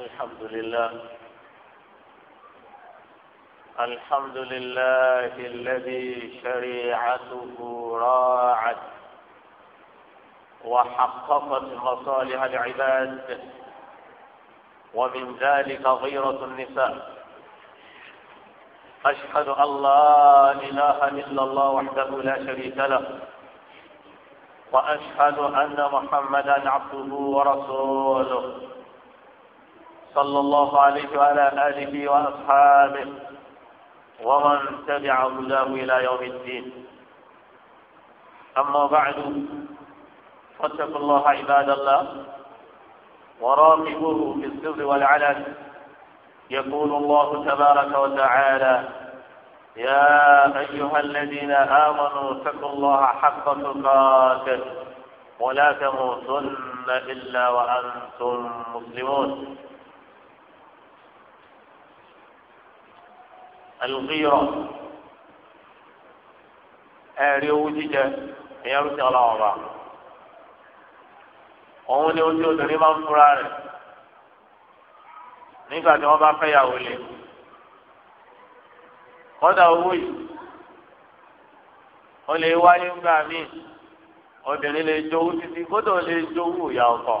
الحمد لله الحمد لله الذي شريعته راعت وحققت مصالح العباد ومن ذلك غيرة النساء أشهد أن لا إله إلا الله وحده لا شريك له وأشهد أن محمدا عبده ورسوله صلى الله عليه وعلى آله وأصحابه ومن تبع هداه إلى يوم الدين أما بعد فاتقوا الله عباد الله وراقبوه في السر والعلن يقول الله تبارك وتعالى يا أيها الذين آمنوا اتقوا الله حق تقاته ولا تموتن إلا وأنتم مسلمون àlùkìyọ̀ ẹ̀rí owó jíjẹ ìyẹn ló ti ọlọ́wọ́ bá òun ni ojú obìnrin máa ń fura rẹ̀ nígbà tí wọ́n bá fẹ́ yàwó lé kọ́dà owó yìí ó lè wáyé ńgbà míì obìnrin lè jowú títí kódà ó lè jowú ìyá ọkọ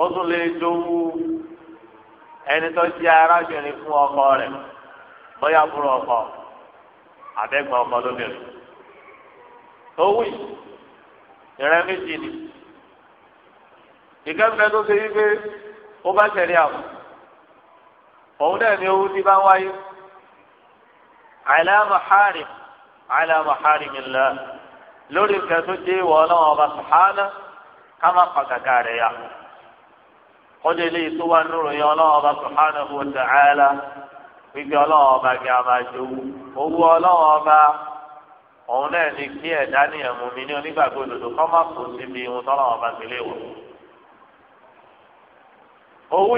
ó tún lè jowú ẹni tó jẹ́ arábìnrin fún ọkọ rẹ̀ bóyá fúnra ọkọ àbẹ́gbọ̀n ọkọ lóbìnrin tó wí ìrẹ́ méjì ni ìkẹ́fẹ́ tó ṣe wípé ó bá tẹ̀lé àwọn òun náà ni owó ti bá wáyé àìláàmù hárì àìláàmù hárì mi lórí nǹkan tó jẹ́ ìwọ ọlọ́wọ́n ọba sùhánà ká má pàkàkà rẹ̀ yà. kọ́dé eléyìí tó wà nínú ìyẹn ọlọ́wọ́ ọba subhanahu wa ta'ala ọba kí a máa jowú owó ọlọ́wọ́ ọba òun náà ní kí ẹ̀dá ní ẹ̀mú mi ní onígbàgbọ́ òdodo kọ́ má ọba gbélé wọ̀. owó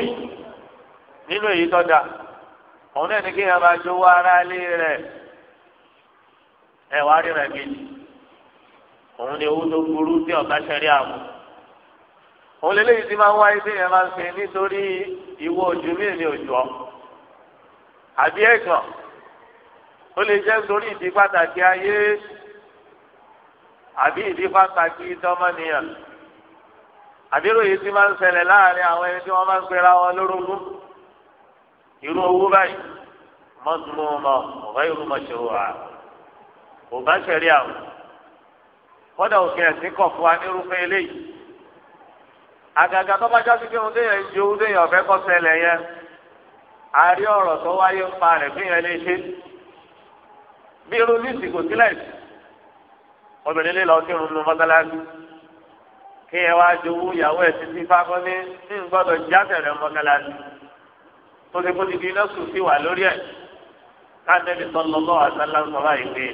a máa ara ilé rẹ̀ ẹ̀wá rí rẹ̀ kejì òun owó tó burú tí òun lélẹ́yìí ti máa ń wáyé sí yẹn máa ń pè nítorí ìwọ ojú mi ni ojú ọ àbí ẹ̀gàn ó lè jẹ́ nítorí ìdí pàtàkì ayé àbí ìdí pàtàkì tọmọnìyàn àbí ròyìn ti máa ń ṣẹlẹ̀ láàrin àwọn ẹni tí wọ́n máa ń pera wọn lórogún irú owó báyìí mọ́tòmọ́mọ́ ọ̀gá irú mọ̀ṣẹ̀wò à kò àwọn kọ́dà òfin ẹ̀sìn kọ̀ wa nírúfẹ́ eléyìí àgàgà tó bá jáde pé ohun téèyàn ju ohun téèyàn fẹ́ kọ́ ṣẹlẹ̀ yẹn a rí ọ̀rọ̀ tó wáyé ń pa rẹ̀ fíyàn lè ṣe bí irú lísì kò sílẹ̀ obìnrin lè lọ kírun nu mọ́sálásí kí ẹ wáá jowó ìyàwó ẹ̀ títí fákọ́ ní ní jáde rẹ̀ mọ́sálásí tó ti kó ti di iná sùn sí wà lórí ẹ̀ káńtẹ́bí sallallahu alaihi wasallam báyìí pé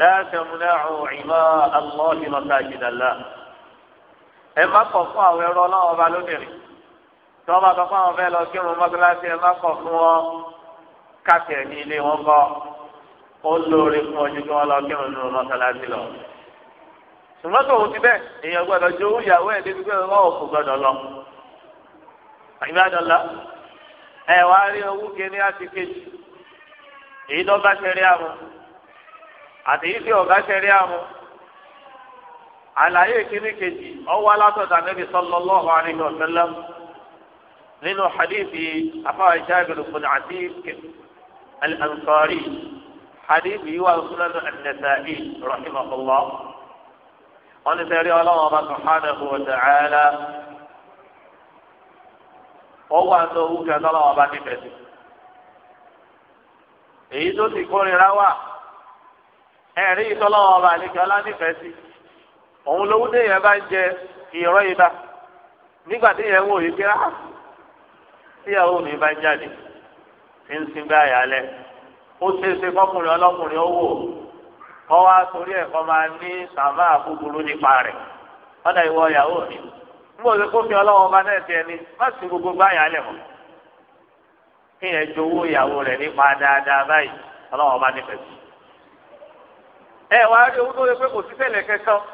la tamna'u ima Allah masajid Allah ẹ má kọ̀ fún àwọn ẹrọ ọlọ́wọ́ ọba lóbìnrin tí wọ́n bá sọ fún àwọn fẹ́ lọ sí irun mọ́tíláṣí ẹ má kọ̀ fún wọn káàkiri ní ilé wọn kọ́ ó lóore fún ọjọ́ kí wọ́n lọ sí irun nínú mọ́tíláṣí lọ. ṣùgbọ́n tòun ti bẹ́ẹ̀ èèyàn gbọ́dọ̀ jó ìyàwó ẹ̀ débi pé wọ́n kò gbọ́dọ̀ lọ. ìbádọ́lá ẹ wá rí owó kéré àti kejì èyí tó bá ṣe rí àwọn àtèyí tí ò bá ṣe rí àwọn àlàyé kìíní kejì ọwọ́ alátọ̀dá níbi sallallahu alaihi wa sallam nínú hadithi afáwà Jabir ibn Atiq al-Ansari hadithi yìí wà lọ́sọ̀rọ̀ an-Nasa'i rahimahullah wọ́n ti sẹ́rí ọlọ́wọ́n ọba subhanahu wa ta'ala ọwọ́ àti owó kẹta ọlọ́wọ́n ọba nífẹ̀ẹ́ sí. èyí tó ti kórìíra wà ẹ̀rí ìtọ́lọ́wọ́n ọba àlejò ọlá nífẹ̀ẹ́ sí. òun lówó déyẹn bá ń jẹ ìrọ ìdá nígbà déyẹn wò yí pé á ah, tíyàwó mi bá ń jáde tí ń sin lẹ ó ṣeéṣe fọkùnrin ọlọkùnrin ó wò kọ́ wá sórí ẹ̀ kọ́ máa ní sàmà nípa rẹ̀ ọ̀dà ìwọ ìyàwó mi kó fi ọlọ́wọ́ bá ni má sì gbogbo mọ́ kí yẹn ìyàwó rẹ̀ nípa dáadáa báyìí ọlọ́wọ́ bá nífẹ̀ẹ́ sí. rí owó tó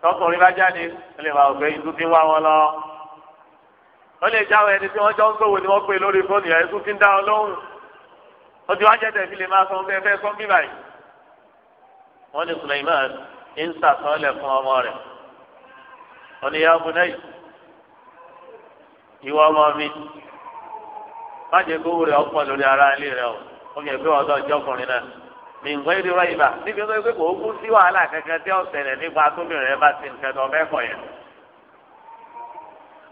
tọkùnrin bá jáde ó lè máa gbé ìtú tí ń wá wọn lọ ó lè jáwé ẹni tí wọn jọ ń gbòwò ni wọn pè lórí fóònù yẹn ìtú tí ń dá ọ lóhùn ó ti wá jẹjẹ fi lè máa sọ fẹ fẹ sọ bí báyìí wọn ní Suleiman ń sàtọọlẹ fún ọmọ rẹ wọn ní yàgò náà ìwọ ọmọ mi má jẹ kó wúrẹ lórí ara ilé rẹ o ó yẹ pé wọn tó ọjọ́ ọkùnrin náà nǹkan yìí rọ ìbá níbi tó yẹ pé kò kú sí wàhálà kankan tí ó ṣẹlẹ̀ nípa tóbìnrin ẹ bá ti nǹkan tó ọbẹ̀ kọ̀ yẹn.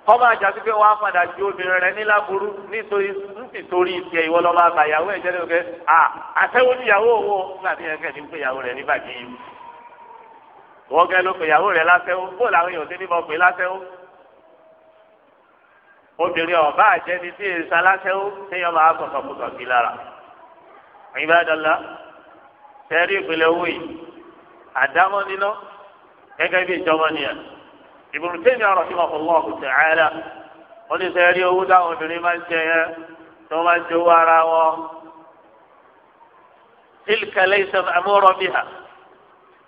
kọ́má àjàsí pé wàá padà ju obìnrin rẹ níláburú nítorí nítorí torí ìfẹ́ ìwọ lọ́mọ àgbà ìyàwó ẹ̀jẹ̀ ló kẹ́ à àtẹ́wọ́ níyàwó owó nígbà tí yẹn kẹ́ni pé ìyàwó rẹ ní bàjẹ́ yìí. wọ́n kẹ́ ló pe ìyàwó rẹ lásẹ́wó bó làwọn èèyàn sẹ́rí ìpínlẹ̀ owó yìí àdámọ́ níná gẹ́gẹ́ bí ìjọba nìyẹn ìbùrù tẹ́mi ọ̀rọ̀ tí wọ́n fọwọ́ ọ̀hún ṣe àyàdá wọ́n ti owó táwọn obìnrin máa ń jẹ yẹn tí wọ́n máa ń jowó ara wọn. tilkẹ̀lẹ́ ìṣẹ̀fẹ̀ amúrọ̀ bí ha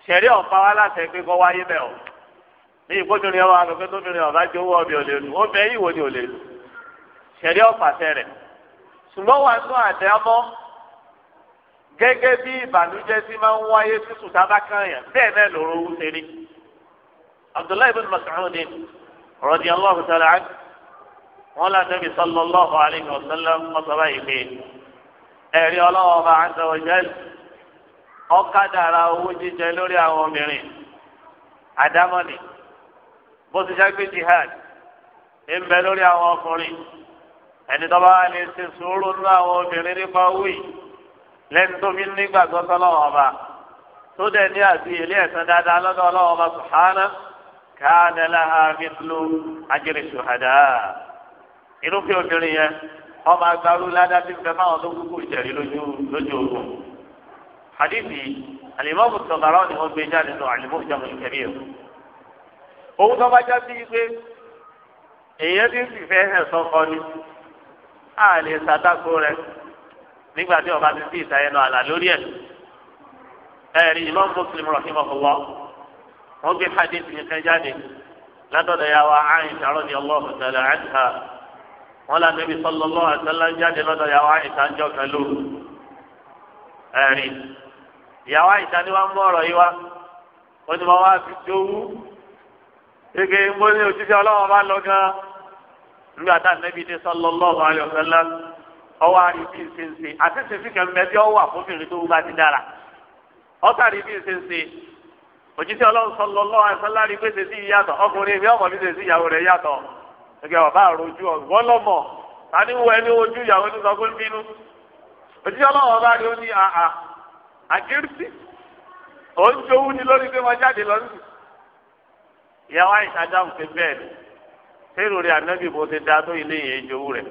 sẹ́rí ọ̀pá wa láti ẹgbẹ́ kọ́ wáyé bẹ́ẹ̀ o ní ọba tóbìnrin ọba jowó ọbẹ̀ ò lè lu ó bẹ́ẹ̀ ni ò lè lu gẹ́gẹ́ bí ìbànújẹ́ tí máa ń wáyé sí sùtábà kanyàn bẹ́ẹ̀ náà lòrò owó sẹ́ni. abdullahi bin mas'ud radiyallahu ta'ala anhu wọn là nabi sallallahu alayhi wa sallam ọ̀sọ̀rọ̀ yìí pé ẹ̀rí ọlọ́wọ́ bá azza wa owó jíjẹ lórí àwọn obìnrin àdámọ́ni bó ti jẹ́ jihad ń lórí àwọn ọkùnrin ẹni tó wà lè ṣe nínú àwọn obìnrin nípa owó yìí lẹ́nu tó fi nígbàgbọ́ sọ́lọ́wọ́ ọba tó dẹ̀ ní àti ilé ẹ̀sán dáadáa lọ́dọ̀ ọlọ́wọ́ ọba sùhánà káàdé láha mithlu ajri shuhada. irúfẹ́ obìnrin yẹn ọba agbárú ládàá ti fẹ́ fáwọn tó kúkú ìjẹ̀rí lójú ogun. hadithi alimọ́bù tọ̀gàrọ́ ni wọ́n gbé jáde nù alimọ́bù jàmù ìkẹ́rì ẹ̀. òun tó bá já sí pé èèyàn ti fìfẹ́ hẹ̀ sọ́kọ ni a lè rẹ̀ nígbà tí ọba ti sí ìtayẹ náà àlà lórí ẹ ẹrí imam muslim rahimahullah wọn gbé hadith yìí kan jáde látọ̀dọ̀ ya wa aisha rọdi allahu ta'ala anha wọn là níbi sallallahu alaihi wasallam jáde lọ́dọ̀ ya wa aisha ń jọ pẹ̀lú ẹrí ya wa aisha ni wọn mú ọ̀rọ̀ yìí wá ó ní wọn wá fi dówú gẹ́gẹ́ ń bọ ní òjijì Ọlọ́run bá lọ gan nígbà tá a nẹbi dé sallallahu alaihi wasallam ọwọ́ àrí bí nṣeṣe àti ṣèṣì kẹ́mẹ́ bí ọwọ́ àfọ́bìnrin tó bá ti dára ọ̀tàrí bí nṣeṣe òjíṣẹ́ ọlọ́run sọlọ lọ́wọ́ àìsánlá rí pé ṣèṣì yàtọ̀ ọkùnrin mi ọmọ mi ṣèṣì ìyàwó rẹ̀ yàtọ̀ ẹgbẹ́ bàbá àròjù ọ̀gbọ́n lọ́mọ̀ tani wọ ẹni ojú ìyàwó ní sọ fún bínú òjíṣẹ́ ọlọ́run ọba rí ó ní àhà àkírísì òun jowú ni lórí pé wọ́n jáde lọ́nù ìyàwó àìsàn dáhùn pé bẹ́ẹ̀ ni sẹ́rù rẹ̀ ànábì bó dá tó ilé yẹn jowú rẹ̀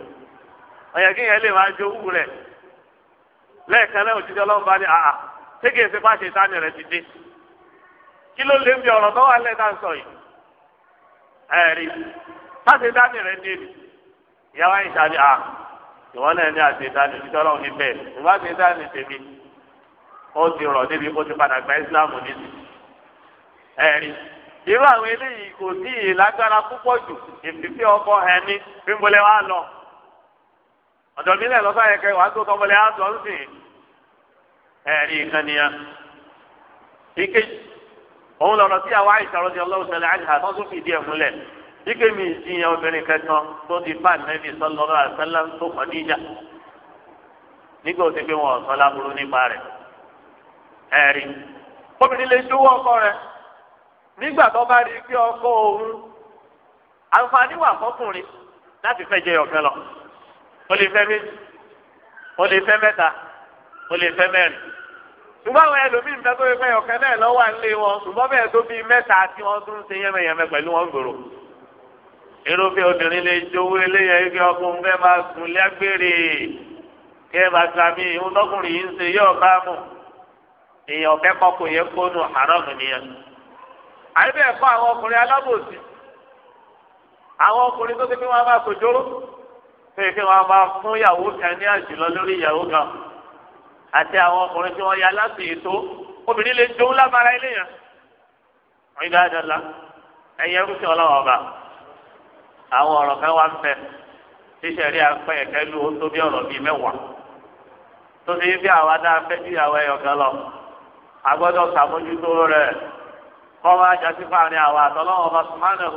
ọ̀yà kí yẹn lè máa jó wù rẹ̀ lẹ́ẹ̀kan náà òjijì ọlọ́run bá ní àhà sége ṣe bá ṣe tánì rẹ̀ ti dé kí ló lè fi ọ̀rọ̀ tó wà lẹ́ẹ̀ náà sọ yìí ẹ̀rí sáṣe tánì rẹ̀ dé ni ìyàwó yìí ṣàbí àhà ìwọ náà ní àṣe tánì òjijì ọlọ́run ní bẹ́ẹ̀ ìwọ àṣe tánì tèmi ó ti rọ̀ débi kó ti padà gba ìsìláàmù nídìí ẹ̀rí irú àwọn eléyìí kò sí ìlágbára púpọ̀ jù ìfìfì ọkọ ẹni fímbọlẹ́ wa lọ ọ̀dọ̀ mi lẹ̀ lọ́sọ̀ yẹn kẹ́ wàá tó tọ́mọlẹ́ á tọ́ ẹ̀rí ìkànnìyà. ìkejì òun lọ̀rọ̀ sí àwọn àìsàn ọ̀rọ̀ ti ọlọ́run àìsàn àtọ́ tó fìdí ẹ̀ múlẹ̀ ike mi ìjiyàn obìnrin kẹtàn tó ti bá nẹ́bí sọlọ́rọ̀ àṣẹlá tó kọ́ níjà nígbà tó ti pé wọn ọ̀sán láburú nípa rẹ̀ ẹ̀rí obìnrin lè dúró ọkọ rẹ̀ nígbà tó bá rí pé ọkọ òun àǹfààní wà fọkùnrin láti fẹ́ jẹ ọ̀fẹ́ lọ o lè fẹ́ méjì o lè fẹ́ mẹ́ta o lè fẹ́ mẹ́rin ṣùgbọ́n àwọn ẹlòmíín tó tóbi pé ọ̀kẹ́ náà lọ́wọ́ àlè wọn ṣùgbọ́n bẹ́ẹ̀ tó bíi mẹ́ta tí wọ́n tún ṣe yẹ́mẹyẹ̀mẹ pẹ̀lú wọn gbòòrò irúfẹ́ obìnrin lè jowó eléyẹ̀ ibi ọkùnrin fẹ́ máa sùn lágbèrè kí ẹ máa sàmì ìhun yìí ń ṣe yóò bá mú èèyàn kẹ́kọ̀ọ́ kò yẹ kónú haram nìyẹn. àyẹ̀bẹ̀ ẹ̀kọ́ àwọn ọkùnrin alábòsí àwọn ọkùnrin tó ti fi wọn máa sòjóró pé kí wọn máa fún ìyàwó kan ní àjùlọ lórí ìyàwó kan àti àwọn ọkùnrin tí wọn ya láti ètò obìnrin lè jó lábara ilé yẹn wọn dáadáa la ẹyẹ rúṣì ọlọ́wọ́ ọba àwọn ọ̀rọ̀ kan wá ń bẹ ṣíṣe rí apẹ ẹ̀kẹ́ lu ó tó bí ọ̀rọ̀ bíi mẹ́wàá tó ti àwa dá bí kan lọ agbọ́dọ̀ rẹ̀ kọ́ jásí fáwọn àwọn àtọ́lọ́wọ́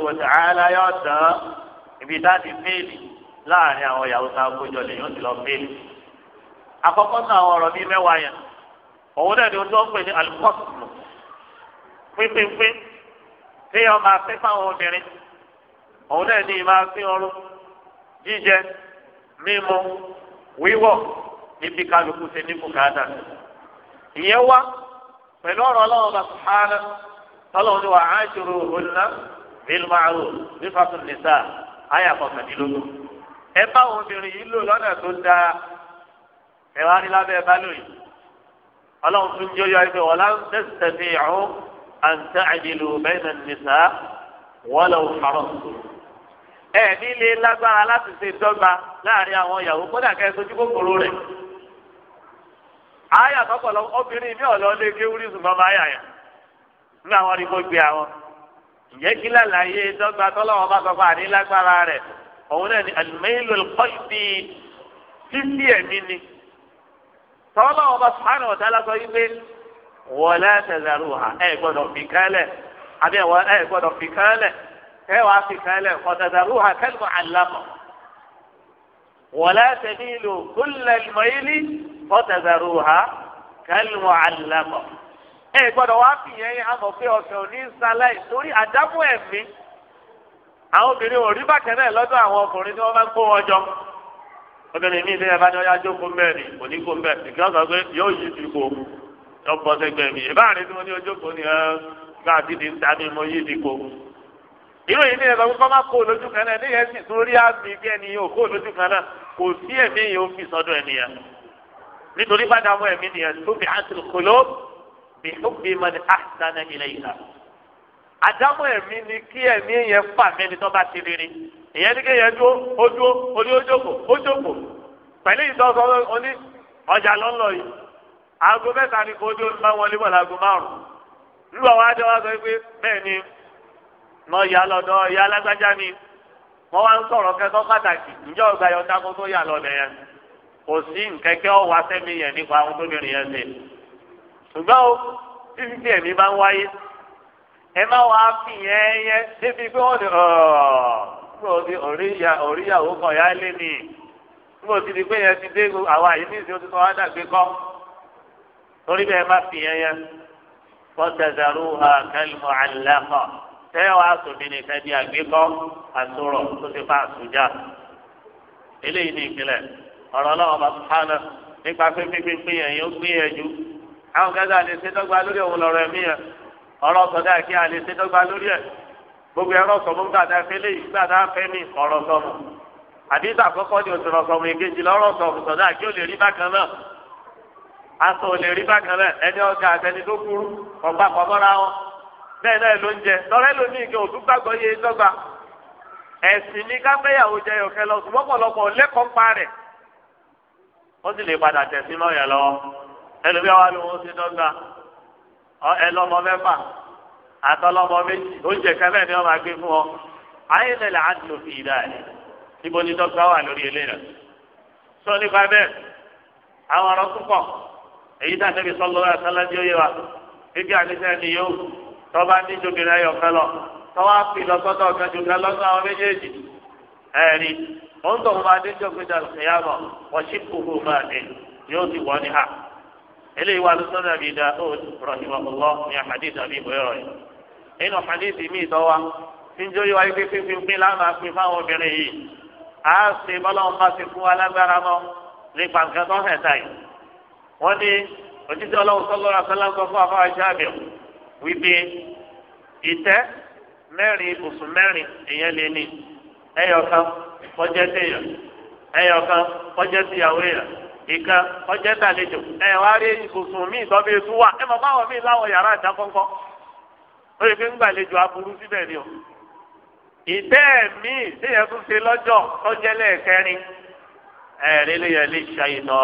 ọba yọ̀ láàrin àwọn ìyàwó tá a kójọ lè yóò ti lọ pé àkọ́kọ́ náà àwọn ọ̀rọ̀ bíi mẹ́wàá yẹn òun náà ni ó tó ní alukọ́sùmù pínpínpín téèyàn máa fẹ́ fáwọn obìnrin òun náà ni máa fi ọrùn jíjẹ mímu wíwọ̀ níbi kálukú ṣe ní bùkátà ìyẹn wá pẹ̀lú ọ̀rọ̀ ọlọ́run bá sùpárẹ́ tọ́lọ́run ni ṣòro òun náà ẹ bá obìnrin yìí lò lọ́nà tó dáa ẹ wá rí lábẹ́ bá lò yìí ọlọ́run tún jẹ́ yọ ibi wọ́n tẹ̀sítẹ̀ fi hàn àǹtẹ̀ àjèlò bẹ́ẹ̀ nìsa wọ́n lọ fàrọ̀ ẹ nílé lágbára láti ṣe dọ́gba láàrin àwọn ìyàwó kódà kẹ́ ẹ sojú kòkòrò rẹ̀ àyà tọpọlọ obìnrin mi ọ̀lọ́ lé kéwúrí ṣùgbọ́n máa yà yà nígbà wọn ni gbé àwọn ìyẹ́kí lálàyé dọ́gba tọ́lọ́wọ́ bá sọ òun náà ni alimẹ́lò kọ́ìdì fífi ẹ̀mí ni tọ́lá ọba sùhánù ọ̀tá lásán yìí pé wọlé tẹ̀sán ruha ẹ̀ gbọ́dọ̀ fi kálẹ̀ àbí ẹ̀ gbọ́dọ̀ fi kálẹ̀ ẹ̀ wá fi kálẹ̀ ọ̀tẹ̀sán ruha kẹ́lùmọ́ àlámọ̀ wọlé tẹ̀mílò kúlẹ̀ mọ́ìlì ọ̀tẹ̀sán ruha kẹ́lùmọ́ àlámọ̀ ẹ̀ gbọ́dọ̀ wá fi yẹn yẹn àwọn obìnrin ò rí bákẹ́ náà lọ́dọ̀ àwọn ọkùnrin tí wọ́n bá kó wọn jọ obìnrin mi ìdílé abájọ yá jókòó mẹ́rin kò ní kó mẹ́rin ìkí sọ pé yóò yí ti kó yọ bọ́ sẹ́gbẹ́ mi ìbáàrin tí mo ní ojókòó ni ká àti ti ń mo yí ti kó irú yìí ní ẹ̀rọ kó má kó lójú kan náà níyẹn sì tún rí àmì bí ẹni yóò kó lójú kan náà kò sí ẹ̀mí yìí ó fi sọ́dọ̀ ẹ̀mí yẹn nítorí bá dààmú ẹ̀mí nìyẹn tó àdámọ̀ ẹ̀mí ni kí ẹ̀mí yẹn fà mẹ́ni tó bá ti rere ìyẹn ní kéèyàn dúró ó dúró orí ó jókòó ó jókòó pẹ̀lú ìtọ́sọ oní ọjà lọ́lọ́ yìí aago mẹ́ta ni kò dé máa wọlé wọ̀ láago márùn-ún nígbà wàá dé wàá sọ pé bẹ́ẹ̀ ni wọ́n yà lọ́dọ̀ ìyá ni wá ń sọ̀rọ̀ pàtàkì ǹjẹ́ yọ dáko tó yà ẹ má wàá fi yẹn yẹn débi pé wọ́n ní ọ̀ọ́ ní oríyàwó kan yá lé ní níbo ti di pé yẹn ti dé àwa yìí níṣẹ́ oṣù kan wá dàgbé kọ́ torí bẹ́ẹ̀ má fi yẹn yẹn fọ́tẹ̀sẹ̀rù kẹlìmọ̀ àlẹ́kọ̀ tẹ́ wàá sùnmí nìkan di àgbékọ́ àsọ̀rọ̀ tó ti fa àsùnjà eléyìí ní ìpìlẹ̀ ọ̀rọ̀ náà ọba sùpánà nípa pé pínpín pín yẹn yóò gbé yẹn ju àwọn lórí òun yẹn. ọ̀rọ̀ sọ̀dá kí a lè ṣe dọ́gba lórí ẹ̀ gbogbo ẹ̀rọ sọ̀mù gbàdá fẹ́lẹ́ yìí gbàdá fẹ́mi ọ̀rọ̀ sọ̀mù àdìsá àkọ́kọ́ ni òsèrò sọ̀mù èkejì lọ́rọ̀ sọ̀mù sọ̀dá kí ó lè rí bákan náà aṣọ ò lè rí bákan náà ẹni ọjà àtẹni tó kúrú ọ̀pá pọ̀mọ́ra wọn bẹ́ẹ̀ náà ló ń jẹ lọ́rẹ́ ló ní ìgbà òtún gbàgbọ́ yé dọ́gba ẹ̀sìn ní káfẹ́yàwó jẹ ọ̀kẹ́ lọ ṣùgbọ́n pọ̀lọpọ̀ lẹ́kọ̀ọ́ pa rẹ̀ ó sì lè padà tẹ̀sí lọ́yẹ̀ lọ́wọ́ ẹlòmíà wà lóhun ó ṣe dọ́gba ẹ lọmọ mẹ́fà àtọlọmọ méjì oúnjẹ kẹfẹ ni wọn máa gbé fún ọ ayé lẹlẹ àdìo fi ìdá rẹ níbo ni dọ́gba wà lórí eléyà sọ nípa bẹ́ẹ̀ àwọn ọ̀rọ̀ púpọ̀ èyí tá a tẹbi sọlọ ẹ sọlá ní oyè wa bíbí àníṣe ni yóò tọba ní jòkìrì ayọ kan lọ tọwọ àfi lọsọtọ ọkàn jòkìrì lọsọ àwọn méjèèjì ẹẹri ó tọwọ máa dé jòkìrì dàlùkìyàmọ wọn sì kúkú máa dé yóò ti wọ ní ha. eléyìí wà lóṣù nàbí dàhùn rahimahullah ní àhàdìs àbí ìbòyọrọ yìí nínú àhàdìs mi ìtọ́wá níjó yìí wáyé pínpín pínpín lánàá pín fáwọn obìnrin yìí á ṣe bọ́lọ́wọ́n bá ti fún alágbára mọ́ nípa nǹkan tó hẹ̀ táyì wọ́n ní òjijì ọlọ́run sọ́lọ́ fún afárá wípé ìtẹ́ mẹ́rin mẹ́rin èèyàn lè ní kọjá kọjá ìkan ọjọ́ ìtàlejò ẹ wá rí ibùsùn míì tọ́bi ètò wà ẹ mọ̀ báwọn míì láwọn yàrá ìta kọ́ńkọ́ ó yẹ kí ń gbàlejò aburú síbẹ̀ ni o. ìtẹ́ míì téèyàn tún ṣe lọ́jọ́ tọ́jẹ́lẹ̀ kẹrin ẹ̀rí lèyàn lè ṣàyìnà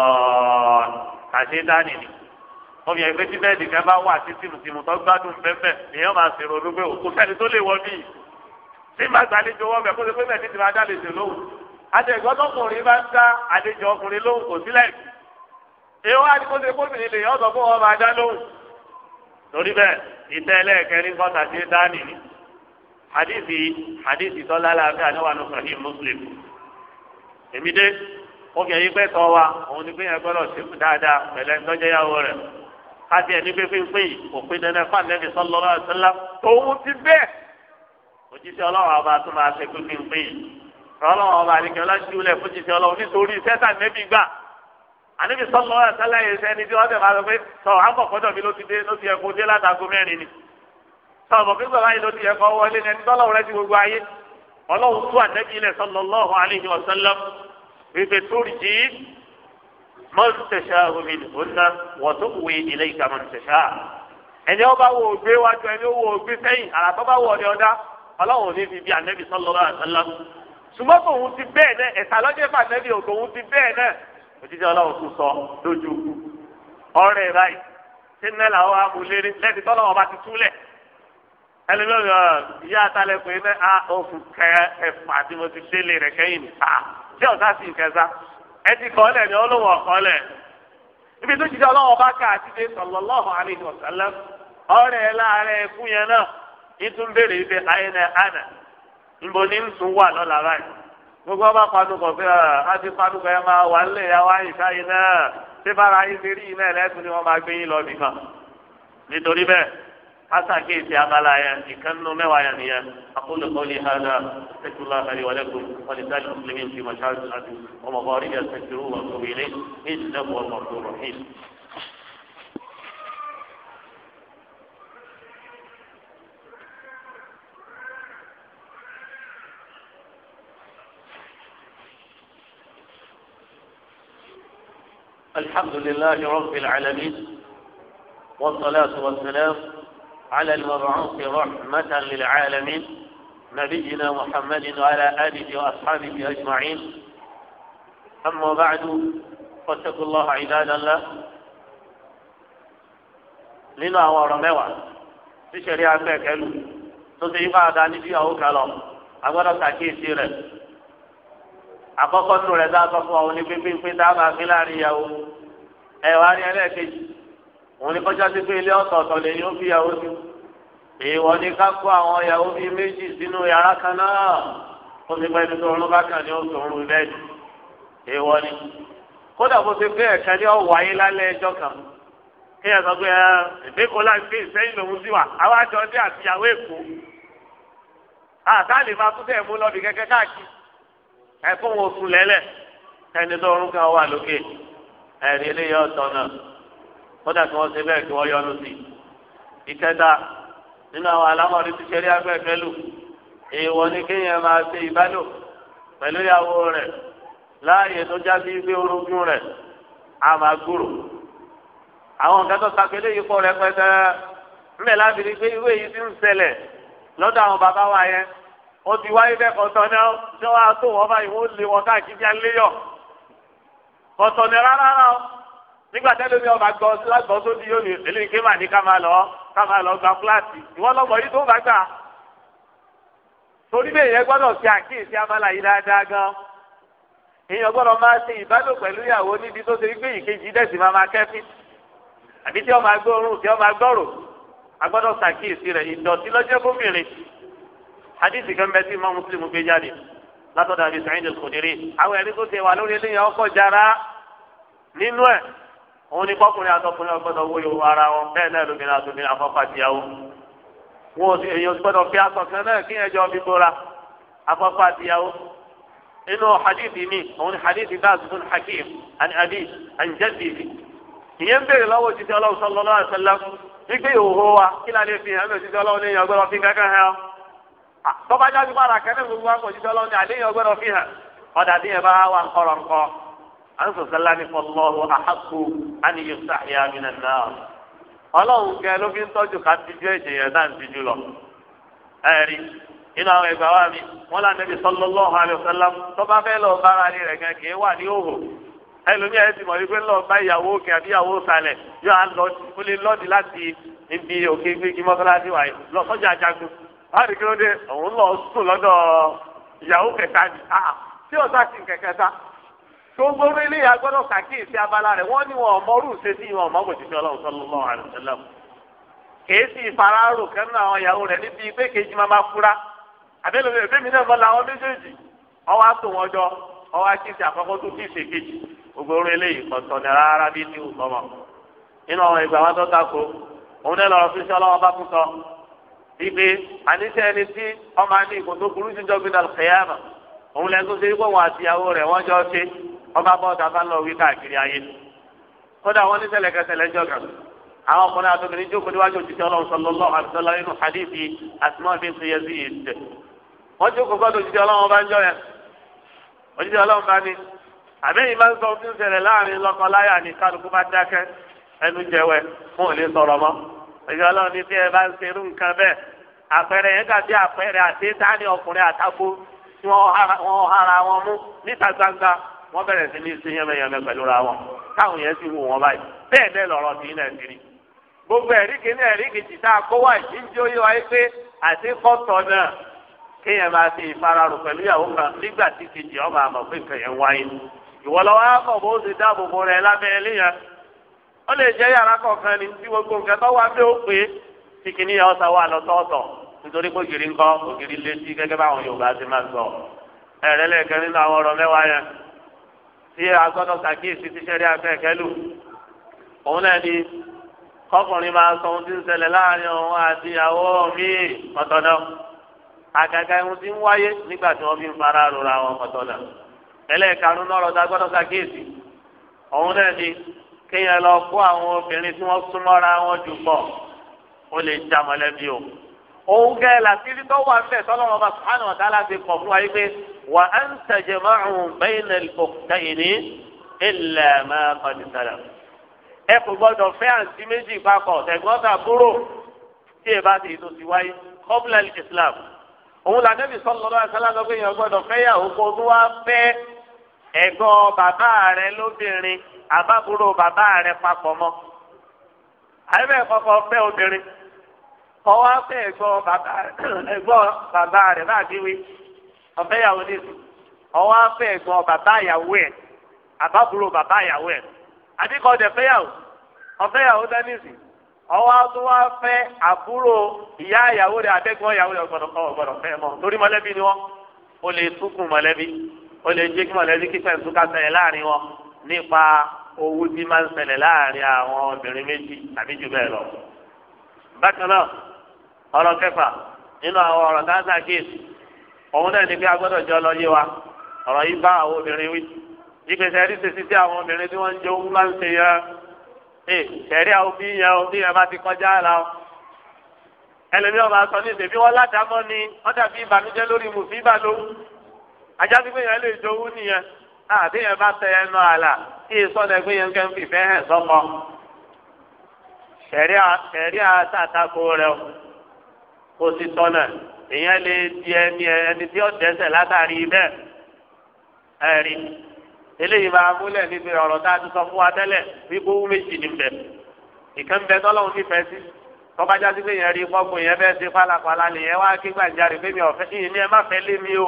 àṣetánì ni. wọ́n yẹ pé tí bẹ́ẹ̀dì kan bá wà sí tìmùtìmù tó gbádùn pẹ́pẹ́ èèyàn máa ṣèrò olúgbé òkú sẹ́ni tó lè wọ bíi tí màá gbàlejò wọ́n àtẹ̀gbọ́dọ̀kùnrin bá ń dá àlejò ọkùnrin lóhùn kò sílẹ̀ ewu àdìgbòsè gómìnà lè yọ̀ọ́ sọ fún wọn máa dá lóhùn torí bẹ́ẹ̀ ìtẹ́ ẹlẹ́ẹ̀kẹrin kọ́ta ṣe dání ni hadithi hadithi tọ́lá oge pẹ́ tọ́ wa òun ni dáadáa pẹ̀lẹ́ rẹ̀ ẹni pé kò pín dandan ti rọlọ́wọ́ ọba àdìgẹ́ ọlájúlẹ̀ fún jíjẹ ọlọ́wọ́ nítorí sẹ́tà nẹ́bí gbà àníbi sọ́lọ́ ẹ̀sẹ́lẹ̀ yìí sẹ́ni tí wọ́n tẹ̀ máa sọ pé sọ àkọ́kọ́dọ̀ mi ló ti dé ló ti yẹ kó dé látago mẹ́rin ni sọ bọ̀ pípẹ́ báyìí ló ti yẹ kó wọlé ní ẹni tọ́lọ́wọ́ rẹ ti gbogbo ayé ọlọ́wọ́ tó ànẹ́bí ilẹ̀ sallallahu alaihi wasallam fífẹ́ torí jí mọ́tẹ́sà omi ìdìbòsá wọ́n tó wé ilé ìka ọlọ́wọ́ ní ṣùgbọ́n tòun ti bẹ́ẹ̀ náà ẹ̀sà lọ́jọ́ ìfànẹ́bí ò tòun ti bẹ́ẹ̀ náà òjijì ọlọ́run tún sọ lójú ọ̀rẹ́ báyìí tí nílẹ̀ làwọn amúlérí lẹ́ẹ̀dì tọ́lọ́ ọba ti túlẹ̀ ẹlẹ́mìíràn ìyá àtàlẹ́kùn iná a ah, oṣù kẹfà tí mo ti délé rẹ̀ kẹ́yìn níta ah, tí ọ̀sá sì ń kẹsà ẹ ti kọ́ lẹ̀ ní ọlọ́wọ̀ kọ́ lẹ̀ ibi tó jíjẹ ọlọ́wọ̀ bá ká àti dé sallallahu alaihi wasallam ọ̀rẹ́ láàárẹ̀ ẹkún yẹn náà ìtún ibẹ̀ ayé náà níbo ní nsùn wà lọ́la báyìí gbogbo ọba panukọ pé ah, a ti panukọ ẹ máa wà nílé yàwá ìsáyé náà ṣé bára yín ti rí iná ẹlẹ́sìn ni wọ́n máa gbé yín lọ nìkan nítorí bẹ́ẹ̀ kásákéèsì abala yẹn ìkànnù mẹ́wàá yẹn nìyẹn akóló kọ́lé hàdà ṣẹ́kùlá àrí wàlẹ́kùn wọ́n ìdá ìṣẹ́kùlé ní ti mọ̀ṣáàtì àti ọmọkọ̀ orí yẹn ṣẹ́kùlú wà kòmìnir ní ọmọkùnrin الحمد لله رب العالمين والصلاة والسلام على المبعوث رحمة للعالمين نبينا محمد وعلى آله وأصحابه أجمعين أما بعد فاتقوا الله عباد الله لنا ورموا في شريعة كالو تضيق عداني في أوكالو أولا تأكيد سيرة àkọ́kọ́ nù rẹ̀ dáàbọ̀ fún àwọn onípínpínpín dáàbà fi láàrin ìyàwó ẹ̀ wá rí ẹlẹ́ẹ̀kejì òun ni kọjá sí pé ilé ọ̀tọ̀ọ̀tọ̀ lè yóò fi ìyàwó sí èèwọ̀ ni ká kó àwọn ìyàwó bíi méjì sínú yàrá kan náà ó ti pẹ́ nítorí ọ̀run bá kàn ní òṣòro lẹ́yìn èèwọ̀ ni kódà bó ti pé ẹ̀ka ní ọ̀wọ̀ ayé lálẹ́ kan kí ẹ sọ pé ẹ ìdíkò láì fi ìsẹ́yìn lòun sí wa àwọn àjọ dé àtìyàwó èkó àtàlè máa tún tẹ̀ mú lọ́bì kẹ́kẹ́ káàkiri ẹ̀fọ́ wọn sùn lẹ́lẹ̀ ẹni tó ń kàn wà lókè ẹ̀rí eléyìí ọ̀tọ̀ náà kódà kí wọ́n ṣe bẹ́ẹ̀ kí wọ́n yọnu sí i ìkẹta nínú àwọn alámọ̀rí ti ṣeré agbẹ́fẹ́ lù èèwọ̀ ni kéèyàn máa ṣe ìbálò pẹ̀lú ìyàwó rẹ̀ láàyè tó jáde gbé orogún rẹ̀ àmàgbòrò àwọn nǹkan tó sàkéléyìí yìí pọ̀ rẹpẹtẹ ńlẹ̀ láti rí pé irú èyí ti ń ṣẹlẹ̀ lọ́dọ̀ àwọn bàbá wa yẹn wọ́n ti wáyé bẹ́ẹ̀ kọ́tọ́ náà ṣé wàá tó wọ́n báyìí wọ́n lé wọn káàkiri aléyọ̀ ní rárá rárá o nígbà tẹ́lẹ̀ ọba gbọ́ lágbọ́ tó di yóò ní eléyìí ké ní ká máa lọ ká máa lọ gba fúláàtì ìwọ́n lọ́mọ yìí tó bá gbà torí bẹ́ẹ̀ yẹn gbọ́dọ̀ ṣe àkíyèsí yìí dáadáa gan èèyàn gbọ́dọ̀ máa ṣe ìbálò pẹ̀lú ìyàwó níbi tó ṣe gbé ìkejì máa máa àbí tí máa tí máa gbọ́rò agbọ́dọ̀ hadith kan bẹ tí ma muslim gbé jáde látọ̀dọ̀ àbí sa'id al-khudiri àwọn ẹ̀rí tó ṣe wà lórí eléyà ọkọ̀ jara nínú ẹ̀ òun ni kọkùnrin àtọkùnrin ọgbọ́dọ̀ wo ìwọ ara wọn bẹ́ẹ̀ náà lómi náà tóbi afọ́fà tìyàwó wọn ò sì èèyàn gbọ́dọ̀ fi aṣọ kan náà kí ẹjọ́ fi bóra afọ́fà tìyàwó inú hadith mi òun ni hadith bá tuntun hakim àni àbí ànjẹ́bì mi ìyẹn ń béèrè lọ́wọ́ òjijì ọlọ́run sọlọ́lá àṣẹlá wípé ìhòòhò wa kí lálẹ́ tọ́bajá ah, ti bára kẹ́lẹ́ gbogbo akọ̀ jíjọ́ lọ́ni àléyìn ọgbẹ́rọ fi hàn ọ̀dà tí yẹn bá wà ń kọ́rọ̀ ńkọ́ ansosala ni fọlọ́hu ahakku ani yusa yamina náà ọlọ́run kẹ ló fi ń tọ́jú ká ti ju ẹ̀jẹ̀ náà ti ju lọ. ẹ̀rí inú àwọn ẹgbàá wa mi wọn là nẹbi sallallahu alaihi wasallam tó bá fẹ́ lọ bára ní rẹ̀ gan kì í wà ní òhò ẹlòmíà ẹ ti mọ̀ wípé lọ bá ìyàwó òkè àbí ìyàwó sàlẹ̀ yóò á lọ ó lè lọ́ọ̀dì láti ibi òkè gbégi mọ́tọ́lá wáyé lọ sọ́jà jagun A kí ló dé òun lọ sùn lọ́dọ̀ ìyàwó kẹta ni tí ọ̀sá sì ń kẹ̀kẹ́ta tó gbóró ilé yà kàkíyèsí abala rẹ̀ wọ́n ni wọn ọmọ rú ṣe sí wọn ọmọ gbòdì fún kèé sì àwọn ìyàwó níbi kejì ma fura náà méjèèjì àtò wọn jọ àkíyèsí tó kejì gbóró ilé yìí ní rárá bí ní ìwòsàn inú àwọn ìgbà ibi àníṣe ẹni tí ọmọ àní ìkò tó burú jíjọ bí dàlù kẹyàmà òun lẹ́nu ṣe wípé wọn àti ìyàwó rẹ̀ wọ́n jọ ṣe ọba bọ́ọ̀dà bá lọ wí káàkiri ayé kódà wọn ní ṣẹlẹ̀ kẹsẹlẹ jọgà àwọn ọkùnrin àtọkùnrin jókòó níwájú òjijì Ọlọ́run sọlọlọ àtọlọ inú hadithi Asma bint Yazid wọn jókòó gbọ́dọ̀ òjijì Ọlọ́run bá ń jọ yẹn òjijì Ọlọ́run bá ní àbẹ́yìn máa ń sọ ohun tí láàrin lọ́kọ ní kálukú bá dákẹ́ ẹnu jẹwẹ́ fún òní sọ̀rọ̀ mọ́ ìgbà ọlọ́run ní tí bá ń serú nǹkan bẹ́ẹ̀ àpẹẹrẹ yẹn dàbí àpẹẹrẹ àti dání ọkùnrin àtàkó tí wọ́n hara wọn mú níta gbangba wọ́n bẹ̀rẹ̀ sí ní sí yẹmẹyẹmẹ pẹ̀lú ra wọn táwọn yẹn sì wù wọn báyìí bẹ́ẹ̀ bẹ́ẹ̀ lọ̀rọ̀ sí ilẹ̀ sí ni. gbogbo ẹ̀rí kìíní ẹ̀rí kìíní tá kó wá ìdíjó yé wa pé àti kọ́tọ̀ náà kéèyàn máa fi ìfararò pẹ̀lú ìyàwó kan nígbà tí kejì ọmọ ó lè jẹ́ yàrá kọ̀ọ̀kan ni tí gbogbo nǹkan tó wá bí ó pé tí kìíní yà ọ́sà wà lọ́tọ̀ọ̀tọ̀ nítorí pé ògiri ńkọ́ ògiri létí gẹ́gẹ́ báwọn Yorùbá ti máa sọ ẹ̀rẹ́ lẹ́ẹ̀kẹ́ nínú àwọn ọ̀rọ̀ mẹ́wàá yẹn tí agbọ́dọ̀ ṣàkíyèsí ti ṣẹ́rí afẹ́kẹ́lù òun náà ni kọkùnrin máa sọ ohun tí ń ṣẹlẹ̀ láàrin òun àti ìyàwó míì ọ̀tọ̀nà àgàgà ohun tí ń wáyé nígbà tí wọ́n fi ń fara rora wọn ọ̀tọ̀nà ẹlẹ́ẹ̀karùn-ún lọ́rọ̀ tá a gbọ́dọ̀ ṣàkíyèsí òun náà ni kéèyàn lọ kó àwọn obìnrin tí wọ́n súnmọ́ra wọn jù pọ̀ ó lè já mọ̀lẹ́bí o. òun gẹ́ làtìrí tó wà fẹ́ sọ́lọ́wọ́ bá sùhánù ọ̀tá láti pọ̀ fún wa yìí pé wà á ń tẹ̀jẹ̀ márùn-ún bẹ́yìn òkùtẹ̀yìní ilẹ̀ máa kọ́ni sọ̀rọ̀. ẹ kò gbọ́dọ̀ fẹ́ àǹtí méjì papọ̀ tẹ̀gbọ́n tàbúrò tí ẹ bá ti tó ti wáyé kọ́bùlà islam. òun là nẹ́bí sọ́lọ́lọ́ àṣálàgbọ́ pé èèyàn gbọ́dọ̀ fẹ́yàwó kó tó wá fẹ́ ẹ̀gbọ́n bàbá rẹ̀ lóbìnrin àbábúrò bàbá rẹ papọ̀ mọ́ àyẹ̀bẹ̀ kọ́kọ́ fẹ́ obìnrin ọwọ́ fẹ́ ẹ̀gbọ́n bàbá rẹ bá bí wí ọ̀fẹ́ yàwó nìsú ọwọ́ fẹ́ ẹ̀gbọ́n bàbá yàwó ẹ̀ àbábúrò bàbá yàwó ẹ̀ àdìkọ́ ọ̀dẹ̀ fẹ́ yàwó ọ̀fẹ́ yàwó dánìsì ọwọ́ tó wá fẹ́ àbúrò ìyá yàwó rẹ ya yàwó rẹ ọ̀gbọ̀dọ̀ fẹ́ mọ́ torí mọ̀lẹ́bí ni wọ́n o lè o nípa owó tí máa ń ṣẹlẹ̀ láàrin àwọn obìnrin méjì tàbí jù bẹ́ẹ̀ lọ. bákan náà ọ̀rọ̀ kẹfà nínú àwọn ọ̀rọ̀ dáńsà kéèsì òun náà ní pé agbọ́dọ̀ jọ lọ yé wa ọ̀rọ̀ yìí bá àwọn obìnrin wí ìpèsè ẹ̀rí ṣe sí sí àwọn obìnrin tí wọ́n ń jẹ owó máa ń ṣe yẹn ee ṣẹ̀rí àwọn bí yẹn òbí yẹn bá ti kọjá la o ẹlòmíì ọba sọ ní ìṣèbí wọn ládàámọ́ ni wọ́n dàbí ìbànújẹ́ lórí mùsíbà lówó ajá sí pé yẹn lè jowó nìyẹn àbí yẹn bá tẹ ẹnu àlà kí ìsọdẹ pé yẹn kẹ́ńfì fẹ́ hẹ̀ sọ́mọ. ṣẹ̀rí àtàkó rẹ̀ kò sí tọ́nà èèyàn lè di ẹni ẹni tí ó dẹ́sẹ̀ látàrí bẹ́ẹ̀ ẹ̀rí eléyìí máa múlẹ̀ níbi ọ̀rọ̀ tá a ti sọ fún wa tẹ́lẹ̀ wípé owó méjì ní bẹ̀ ìkan bẹ tọ́lọ́hún nífẹ̀ẹ́ sí tọ́ba jáde pé yẹn rí pọ́pọ́ yẹn bẹ́ẹ̀ ṣe pálapàla nìyẹn wá kí gbàǹjarè pé mi ọ̀fẹ́ yìí ni ẹ má fẹ́ lé mi o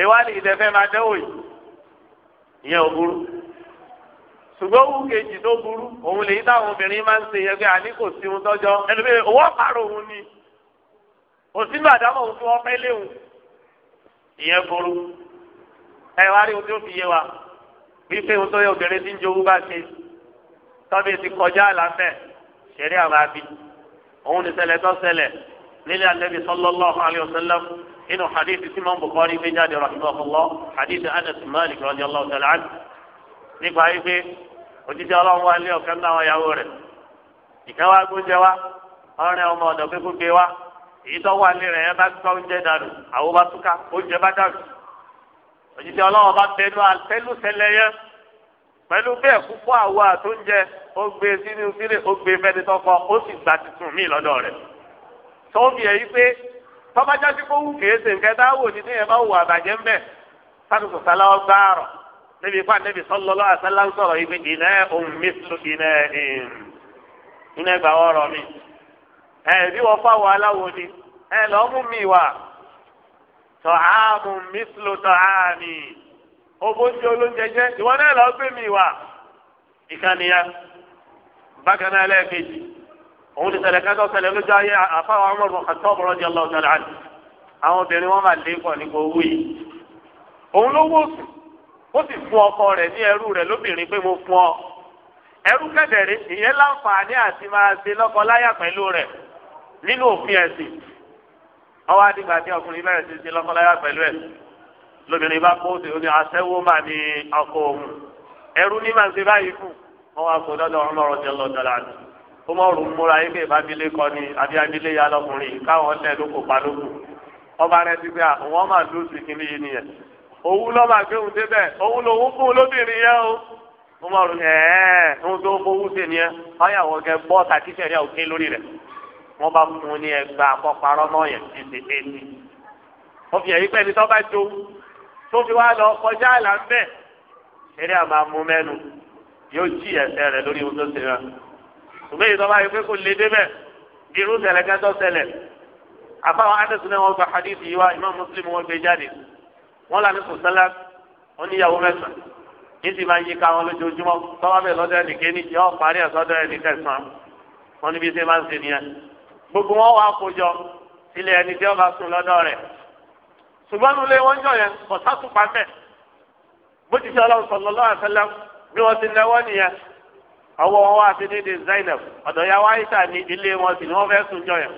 èèwà nìyí tẹ fẹ́ máa dẹ́wò yìí ìyẹn ò burú ṣùgbọ́n òun kejì tó burú òun lèyí táwọn obìnrin máa ń ṣe yẹ pé àní kò sí ohun tọ́jọ́ ẹni pé owó àpárò òun ni òsínú àdámọ̀ òun tí wọ́n fẹ́ léwu ìyẹn burú ẹ wá rí ohun tó fi yé wa wípé ohun tó yẹ obìnrin tí ń jowú bá ṣe tọ́bi ti kọjá àlàfẹ́ ṣẹ̀rí àwọn àbí òun ní ṣẹlẹ̀ tó ṣẹlẹ̀ nílé Ànábì sallallahu alaihi wasallam إنه حديث سمع بخاري بن جاد رحمه الله حديث أنس مالك رضي الله تعالى عنه nípa yìí pé òjijì ọlọ́run wá lé ọ̀kan náà ìyàwó rẹ̀ ìkan wá gbóúnjẹ wá ọ̀rìn ọmọ ọ̀dọ̀ pé kó gbé wá èyí tó wà dànù tọkọ gbà tọ́ba jáde kó wù kéésì nǹkan tá a wò ní tíyẹn bá wù àbàjẹ́ ń bẹ̀ sádùkù sáláwọ́ gbáàrọ̀ níbi ipá níbi sọlọ́lọ́ àṣálá ń sọ̀rọ̀ ibi iná ohun mísú iná iná ẹgbà ọ̀rọ̀ mi. ẹ bí wọ́n fáwọn aláwo ni ẹ lọ́ mú mi wá tọ́hámù mísú tọ́hámì owó tí olóúnjẹ jẹ́ ìwọ náà lọ́ọ́ gbé mi wá ìkànnìyà bákan náà lẹ́ẹ̀kejì òun ti ṣẹlẹ̀ kẹ́kọ̀ọ́ ṣẹlẹ̀ lójú ayé àfáwọn ọmọ ọmọ kan tọ́ ọ̀rọ̀ di ọlọ́ọ̀tọ́ rẹ̀ àti àwọn obìnrin wọn máa lé pọ̀ nípa owó yìí òun ló wò sùn ó sì fún ọkọ rẹ̀ ní ẹrú rẹ̀ lóbìnrin pé mo fún ọ ẹrú kẹ̀dẹ̀rẹ́ ìyẹn láǹfààní àti máa ṣe lọ́kọ láyà pẹ̀lú rẹ̀ nínú òfin ẹ̀sìn ọwọ́ àdìgbà tí ọkùnrin bẹ̀rẹ̀ sí ṣe lọ́kọ láyà pẹ̀lú ẹ̀ lóbìnrin bá kó òsè ní aṣẹ́wó mà ní ọkọ òun ẹrú ní màá ṣe báyìí fún ọwọ́ àkọ́dọ́dọ̀ ọmọ ọ̀rọ̀ jẹ́ lọ́dọ̀ láti kó mọ̀ rò múra yín pé ìbábilé kọ ni àbí abilé ya lọkùnrin káwọn tẹ̀ ló kópa lókun ọba rẹ ti pé àwọn máa dúró sí kinní yìí nìyẹn òun lọ́ máa gbé òun débẹ̀ òun lòun fún un lóbìnrin yẹn o mo máa ohun tó fowó sí ni ẹ báyàwó kẹ bọ́ tàkìtì ẹ̀rí àwòké lórí rẹ̀ wọ́n bá fún un ní ẹgbà àkọ́parọ́ náà yẹn ti ṣe éèdì wọ́n fi ẹ̀yí pẹ́ni tó bá jó tó fi wá lọ kọjá àlà ń bẹ̀ eré àmàmú mẹ́nu yóò jí ẹsẹ̀ rẹ̀ lórí ohun tó ṣe náà ṣùgbọ́n ìtọ́ bá yẹ pé kò lè débẹ̀ irú ṣẹlẹ̀ kẹ́tọ́ ṣẹlẹ̀ àfáwọn adẹ́sù náà wọ́n gba hadith yìí wá Imam Muslim wọ́n gbé jáde wọ́n lànà kò sálá wọ́n níyàwó mẹ́sàn ní ti máa yí ká wọn lójoojúmọ́ tọ́wọ́ bẹ̀ lọ́dọ̀ ẹnìkan ní yọ parí ẹ̀sọ́dọ̀ ẹnìkẹsàn wọn níbi ṣe máa ń ṣe gbogbo wọn wà kójọ sílẹ̀ ẹni tí wọ́n bá sùn lọ́dọ̀ rẹ̀ ṣùgbọ́n ọwọ́ wọn wá sí dédé Zainab ọ̀dọ̀ yàwó Aisha ní ilé wọn sì ni wọ́n fẹ́ sùn jọyọ̀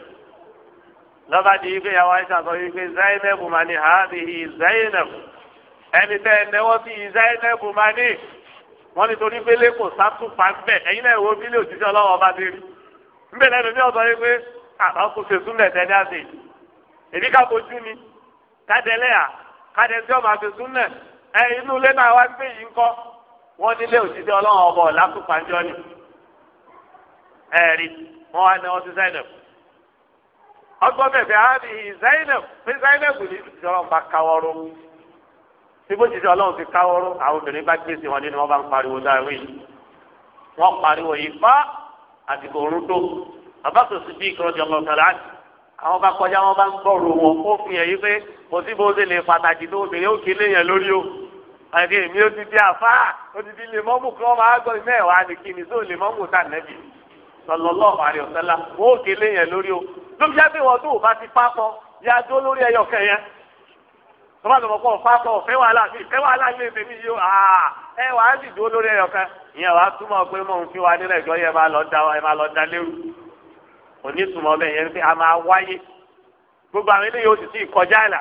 lọ́ba di ife yàwó Aisha sọ ife Zainab mà ní hàbìhì Zainab ẹni tẹ́ ẹ náwó sí Zainab mà ní wọ́n ní torí pé lẹ́kọ̀ọ́ sátúpa bẹ́ẹ̀ ẹ̀yin náà wo bílẹ̀ òjijì ọlọ́wọ́ bá dé rí nbẹ lẹ́nu ní ọ̀sán yìí pé àwọn kò ṣe súnlẹ̀ tẹ́lẹ̀ àti èmi ká bojú ni kádẹ́lẹ́yà kádẹ́sí ọ̀ wọ́n nílé òṣìṣẹ́ ọlọ́run ọba ọ̀làkùnfàjọ́ ni ẹ̀rí wọ́n wá ní wọ́n ti Zainab ọgbọ́n bẹ̀bẹ̀ á ní Zainab pé Zainab ní òṣìṣẹ́ ọlọ́run bá káwọ́rọ́ tí bó ṣiṣẹ́ ọlọ́run ti káwọ́rọ́ àwọn obìnrin bá gbèsè wọn nínú wọn bá ń pariwo dáwé wọn pariwo yìí fá àsìkò òórùn tó àbáṣọ sí bí ìkọrọ̀jì àwọn bá kọjá wọn bá ń gbọ́rò wọn ó fi hàn pé kò sí bó ṣe lè pàtàkì tó obìnrin ó kí lé yẹn lórí o àti èmi ó ti di àfa ó di lèmọ́mù kí wọ́n máa gbọ́ mẹ́wàá ni kí ni sóò lèmọ́mù tà nẹ́bì sọlọ́lọ́ àrẹ ọ̀sẹ́lá wọ́n ò kélé yẹn lórí o lóbi jáde wọn tó o bá ti pápọ̀ ya dó lórí ẹyọ kẹ yẹn tọ́ba lọ́mọ kọ́ pápọ̀ fẹ́ wàhálà mi fẹ́ wàhálà mi èmi mi yóò ẹ wà á sì dó lórí ẹyọ kẹ ìyẹn wàá túmọ̀ pé mò ń fi wa nílẹ̀ ìjọ yẹn máa lọ da ẹ máa lọ da léwu onítùmọ̀ bẹ́ẹ̀ yẹn pé a máa wáyé gbogbo àwọn eléyìí ó ti ti kọjá ìlà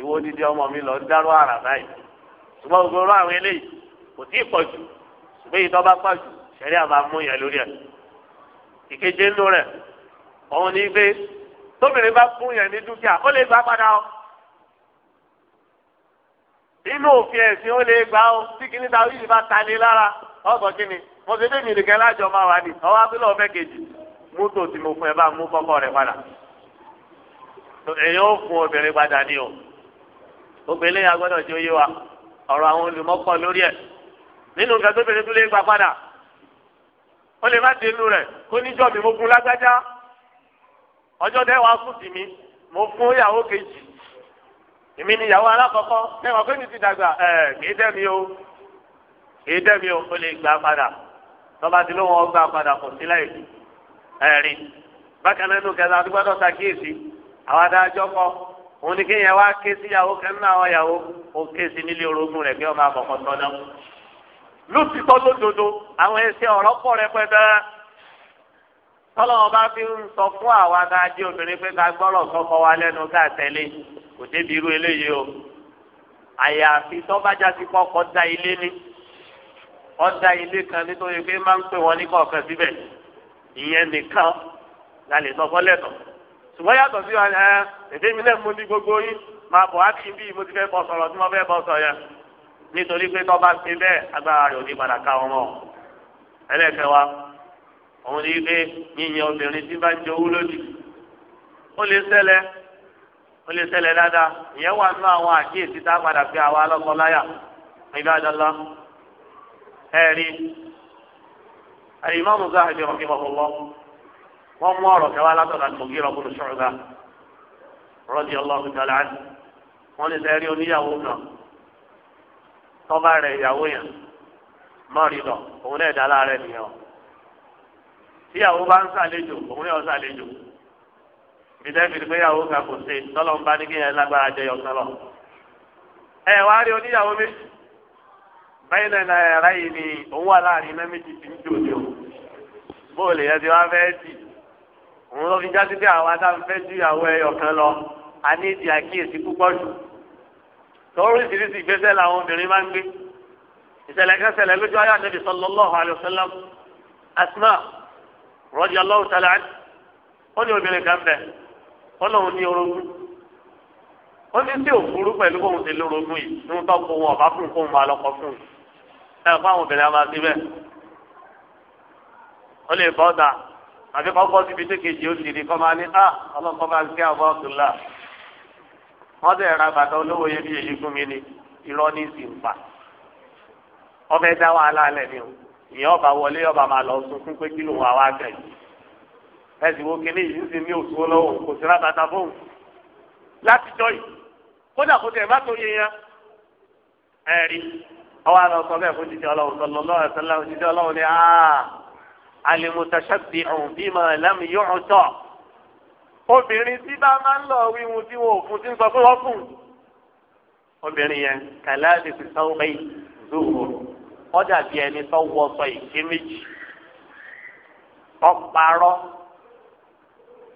ìwọ odidi ọmọ mi lọ dárò àrà báyìí ṣùgbọ́n gbogbo ọ̀rọ̀ àwọn eléyìí kò tí ì pọ̀ jù ṣùgbọ́n èyí tó bá pọ̀ jù ṣẹ̀rí àbá mú yẹn lórí ẹ̀ ìkeje ńlò rẹ̀ òun ní pé tóbìnrin bá fún yẹn ní dúkìá ó lè gbà padà o inú òfin ẹ̀sìn ó lè gbà o tí kìíní ta yìí bá ta ni lára ọ̀sán kìíní mo ti débìí nìkan lájọ máa wà ní ọwọ́ abúlé ọ̀fẹ́ kejì mọ́tò tí mo fún ẹ bá mú kọ́kọ́ rẹ̀ padà o. gbogbo eléyà gbọ́dọ̀ jẹ́ oyé wa ọ̀rọ̀ àwọn olùmọ́kọ́ lórí ẹ̀ nínú nǹkan tó bèrè tó lè gbà padà ó lè má dé inú rẹ̀ kó níjọ́ mi mo gun lágbájá ọjọ́ dẹ́wà kù sí mi mo fún ìyàwó kejì èmi ni ìyàwó mi ti dàgbà o kì í dẹ́mi o ó lè padà ti lóun ọgbà padà kò sí bákan náà nínú òun ni kéèyàn wá ké sí yàwó kẹ́mi náà àwọn yàwó ó ké sí nílé orogún rẹ̀ kí wọ́n máa bọ̀kọ̀ tọ́nà. lótìtọ́ lódodo àwọn ẹsẹ̀ ọ̀rọ̀ pọ̀ rẹpẹtẹ tọ́lọ́wọ́n bá fi ń sọ fún àwa tá a jẹ́ obìnrin pé ká gbọ́rọ̀ sọ́kọ wa lẹ́nu ká tẹ̀lé kò débi irú eléyìí o àyàfi tọ́bájá ti kọ́kọ́ da ilé ní ọ̀dà ilé kan nítorí pé máa ń pè wọ́n ní kọ̀ọ̀kan síbẹ̀ ìyẹn nìkan la lè sọ fọ́lẹ́tọ̀ọ́ ṣùgbọ́n yàtọ̀ sí wa ẹ èdè mi náà mo ní gbogbo yín máa bọ̀ ábí bí mo ti fẹ́ bọ́ sọ̀rọ̀ tí mo fẹ́ bọ́ sọ yẹn nítorí pé tọ́ bá ṣe bẹ́ẹ̀ agbára rẹ̀ ò ní padà ká wọn mọ́ ẹlẹ́fẹ̀ẹ́ wa òun ní pé yíyan obìnrin tí bá ń jẹ owó lódì ó lè ṣẹlẹ̀ ó lè ṣẹlẹ̀ dáadáa ìyẹn wà nínú àwọn àkíyèsí tá a padà fi àwa lọ́kọláyà ìbádọ́lá ẹ̀rí àyè mọ́mú wọ́n mú ọ̀rọ̀ kẹwàá látọ̀dá tòkí rọ̀bùrù ṣọ̀gá rọ́dí ọlọ́run jọlá ní wọ́n lè sẹ́rí oníyàwó kan tọ́ba rẹ̀ ìyàwó yẹn mọ́rin lọ òun náà dá láàárẹ̀ nìyẹn tíyàwó bá ń sàlejò òun náà sàlejò bìtẹ́fìdì pé ìyàwó kan kò sí tọ́lọ́ ń bá ní kéèyàn lágbára jẹ yọ̀ sọ́lọ̀ ẹ wá rí oníyàwó méjì báyìí náà náà ẹ̀ráyìí ni òun wà láàrin iná méjì ti ń jò ní o bóòlù yẹn ti wá fẹ́ẹ́ dì í òun ló fi jáde pé àwọn adáfẹ́ ju ìyàwó ẹyọ kan lọ a ní ìdí àkíyèsí púpọ̀ jù lóríṣiríṣi ìgbésẹ̀ làwọn obìnrin máa ń gbé ìṣẹ̀lẹ̀ kan ṣẹlẹ̀ lójú ayé ànábì sallallahu alaihi wasallam Asma radiyallahu ta'ala anha ó ní obìnrin kan bẹ̀ ó lóun ní orogún ó ní sí òfurú pẹ̀lú bóun ti lórogún yìí ní wọn bá wọn ọ̀bá fún kóun máa lọ́kọ fún un ẹ̀ fún àwọn obìnrin a máa ti bẹ́ẹ̀ ó lè bọ́ dáa àti kọ́ bọ́ síbi tó kejì ó sì di kọ́ máa ní ah ọlọ́kọ́ máa ń kí àwọn ọ̀dùnlá wọ́n tẹ̀ ra bàtà olówó yẹn bí èyí fún mi ni irọ́ ní sì ń pa ọbẹ̀ dá wàhálà alẹ́ ni o ìyẹn ọba wọlé ọba máa lọ sún fún pé kí lòun àwa gẹ̀ yìí ẹ̀sìn wo kínní yìí sì ní òtún olówó kò sí ra fóun láti jọ yìí kódà kó tẹ̀ má tó yẹ yẹn ẹ̀rí ọwọ́ àlọ́ sọ bẹ́ẹ̀ fún jíjẹ́ ọlọ́run sọ lọ́wọ́ ẹ̀sẹ̀ alimutashabi'un bima lam yu'ta obìnrin tí bá máa ń lọ wíwun tí wọn ò fún tí ń sọ pé wọn fún obìnrin yẹn kàlá lè fi sanwó bẹ́ẹ̀ zòwò ó dàbí ẹni tó wọ sọ ìké méjì ó parọ́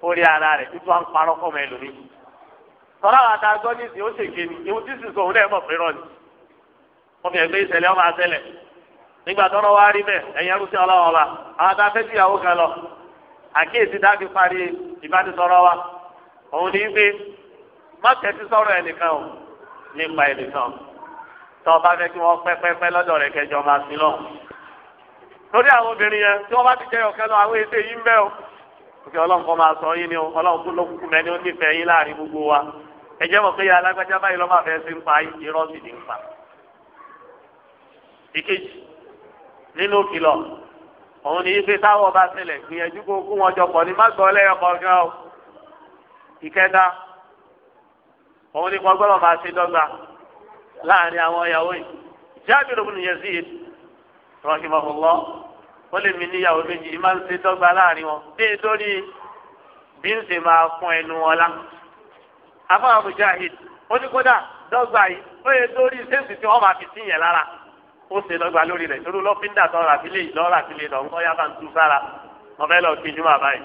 orí ara rẹ̀ títí wọn parọ́ fọmọ ẹlòmíì sọlá wa ta gbọ́ nísìnyí ó ṣèké ni ìhun sì sọ òun náà mọ̀ pé rọ ni wọn fi ẹgbẹ́ ìṣẹ̀lẹ̀ ọmọ àṣẹlẹ̀ nígbà tọrọ wá rí bẹ́ẹ̀ ẹ̀yin arúgbó Ọlọ́run ọba àwọn tá a fẹ́ tìyàwó kan lọ àkíyèsí dábì parí ìbánisọ̀rọ̀ wa òun ní pé má tẹsí sọ̀rọ̀ ẹnìkan o nípa ẹnìkan tó o bá fẹ́ kí wọn pẹpẹpẹ lọ́dọ̀ rẹ kẹjọ máa sí lọ lórí àwọn obìnrin yẹn tí wọn bá ti jẹ ọkẹ lọ àwọn ètè yìí ń bẹ o òkè Ọlọ́run máa sọ yín ni o Ọlọ́run tó lókùnkù mẹ ó nífẹ̀ẹ́ yín láàrin gbogbo wa ẹ mọ̀ pé alágbájá báyìí lọ́mọ àfẹ́ sí ń pa irọ́ sì ní ń pa ìkejì nínú kìlọ̀ òun ní ife táwọn bá ṣẹlẹ̀ gbìyànjú kó kó wọn jọpọ̀ ní mágbọ́ lẹ́yọkọ̀ gan o ìkẹta òun ní kọgbọ́n máa ṣe dọ́gba láàrin àwọn ìyàwó yìí Jábìrì ibn Yazid rahimahullah ó lè mi níyàwó méjì máa ń ṣe dọ́gba láàrin wọn bí nítorí bí ń ṣe máa fún ẹnu wọn lá afọ Mujahid ó ní kódà dọ́gba yìí ó yẹ lórí sẹ́ǹsì tí wọ́n máa fi sí lára ó ṣe lọ́gba lórí rẹ̀ torí lọ́fíńdà tó rà sílé lọ́rà sílé lọ ńkọ́ yá bá ń tú sára wọn fẹ́ lọ kí jùmọ̀ àbáyé.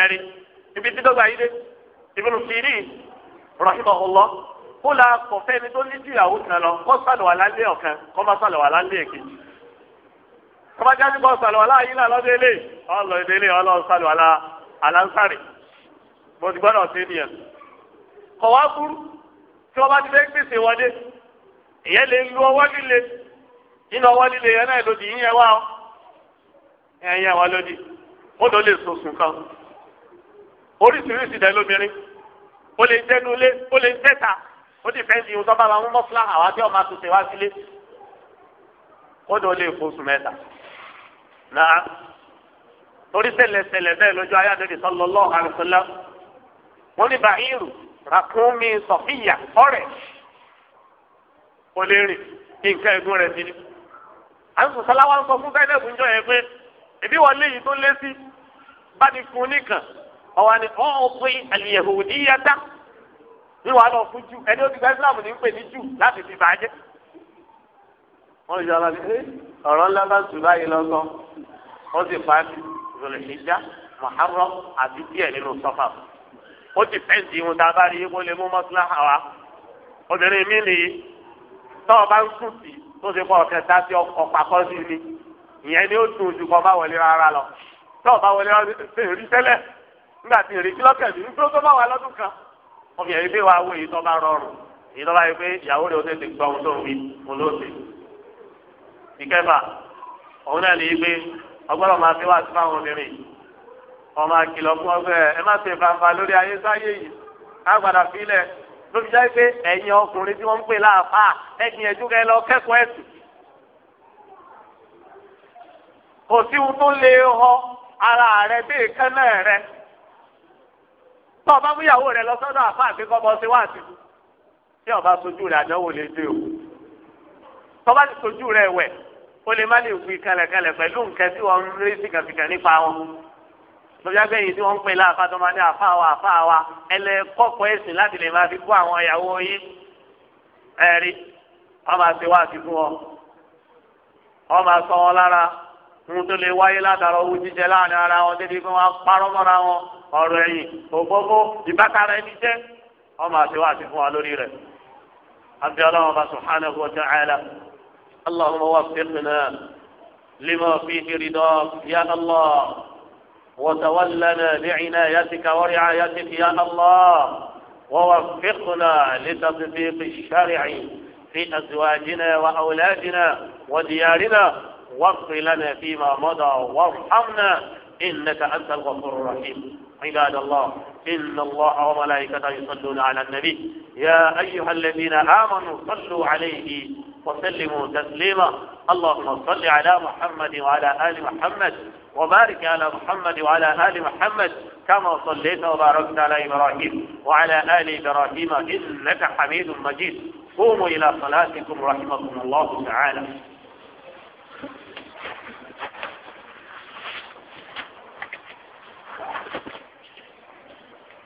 ẹ̀rí ibi tí dọ́gba yìí dé ìbùnú kiri rahimahullah kó la kọ̀ fẹ́ni tó ní jìyàwó kan lọ kó sàlùwà lálẹ́ ọ̀kan kó má sàlùwà lálẹ́ èkejì. kọ́má jáde bọ́ sàlùwà láàyè náà lọ́dọ̀ ilé ọlọ́ ìdílé ọlọ́ sàlùwà aláǹsàrè mo ti gbọ́dọ̀ sí ènìyàn. kọ̀ burú tí wọ́n bá ti fẹ́ gbèsè wọlé ìyẹn lè lu ọwọ́ líle nínú ọwọ́ líle yẹn náà lòdì yín yẹn wá ọ yẹn yẹn wá lòdì mọ́tò lè kan oríṣiríṣi dẹ lómìnirin ó lè jẹ́nu ilé ó lè ó ti fẹ́ẹ́ di ohun tó bá wa mú mọ́fúlá àwa tí ọmọ àtúnṣe wá sílé mọ́tò lè fọṣù mẹ́ta náà torí ṣẹlẹ̀ṣẹlẹ̀ bẹ́ẹ̀ lójú ayé àdéhùn sallallahu alaihi ní kò lè rìn kí nǹkan ẹ̀gún rẹ̀ sí ni. àwọn sọ̀sọ́lá wa ń sọ fún zainab ń jọ yẹn pé ìbí wọn léyìí tó lé sí bá ti fún nìkan ọ̀wà ni wọ́n ń pè àlìyẹ̀hòdìyàtà ní wàá lọ fún jù ẹni ó ti gba islam ní pè ní jù láti fi bàjẹ́. wọ́n yọ ọ́ ní ọ̀rọ̀ ńlá bá tù báyìí ó sì pa á sí ìrọ̀lẹ́ ìjà àti díẹ̀ nínú sọ́fà ó ti fẹ́ǹsì ìhun tá a bá rí i kó lè mú mọ́sálà wa obìnrin mi nìyí tọ́ ọ bá ń sùn sí tó ṣe kọ́ ọ̀kẹ́ dá sí ọ̀pá kọ́ sí ni ìyẹn ni ó dùn ju kọ́ bá wọlé rárá lọ tọ́ ọ bá wọlé rárá ṣe rí tẹ́lẹ̀ nígbà tí èrè kílọ́kẹ̀ mi nígbà tó bá wà lọ́dún kan ọbẹ̀ yẹn pé wàá wọ èyí tó bá rọrùn èyí tó bá yẹ pé ìyàwó rẹ̀ ó tètè gbọ́ ohun tó ń wí olóòtú ìkẹfà òun náà lè gbé ọgbọ́dọ̀ máa fi wá sí fáwọn obìnrin ọmọ àkìlọ̀ fún ọgbẹ́ ẹ má ṣe fanfa lórí ayé sáyé yìí á padà fílẹ̀ ló fi jáde pé ẹ̀yin ọkùnrin tí wọ́n ń pè láàfà ẹ̀yin ẹ̀jú kẹ́ lọ kẹ́kọ̀ọ́ ẹ̀sìn. kò sí ohun tó lè họ ara rẹ bí ìkẹ́lẹ́ rẹ tó o bá mú ìyàwó rẹ lọ sọ́dọ̀ àfa àfikọ́ bọ́ sí wáàsí tí o bá sojú rẹ àdánwò lè dé o tó o bá ti sojú rẹ wẹ̀ o lè má lè wí kẹlẹ̀kẹlẹ̀ pẹ̀lú nǹkan tí wọ́n ń rí síkàfìkà nípa wọn sọjá pé èyí tí wọ́n ń pè láàfà tó máa ní àfà wa àfà wa ẹlẹ́kọ̀ọ́kọ́ ẹ̀sìn láti lè máa fi kó àwọn ìyàwó yín ẹ̀rí wọ́n máa ṣe wá sí fún ọ wọ́n máa sọ wọn lára ohun tó lè wáyé látara owó jíjẹ láàrin ara wọn débi pé wọ́n á parọ́ mọ́ra wọn ọ̀rọ̀ ẹ̀yìn òfófó ìbákara ẹni jẹ́ wọ́n máa ṣe wá sí fún wa lórí rẹ̀ àbí ọlọ́run bá subhanahu wa ta'ala allahumma waffiqna lima fihi ridak ya وتولنا بعنايتك ورعايتك يا الله ووفقنا لتطبيق الشرع في أزواجنا وأولادنا وديارنا واغفر لنا فيما مضى وارحمنا إنك أنت الغفور الرحيم عباد الله إن الله وملائكته يصلون على النبي يا أيها الذين آمنوا صلوا عليه وسلموا تسليما اللهم صل على محمد وعلى آل محمد وبارك على محمد وعلى آل محمد كما صليت وباركت على إبراهيم وعلى آل إبراهيم إنك حميد مجيد قوموا إلى صلاتكم رحمكم الله تعالى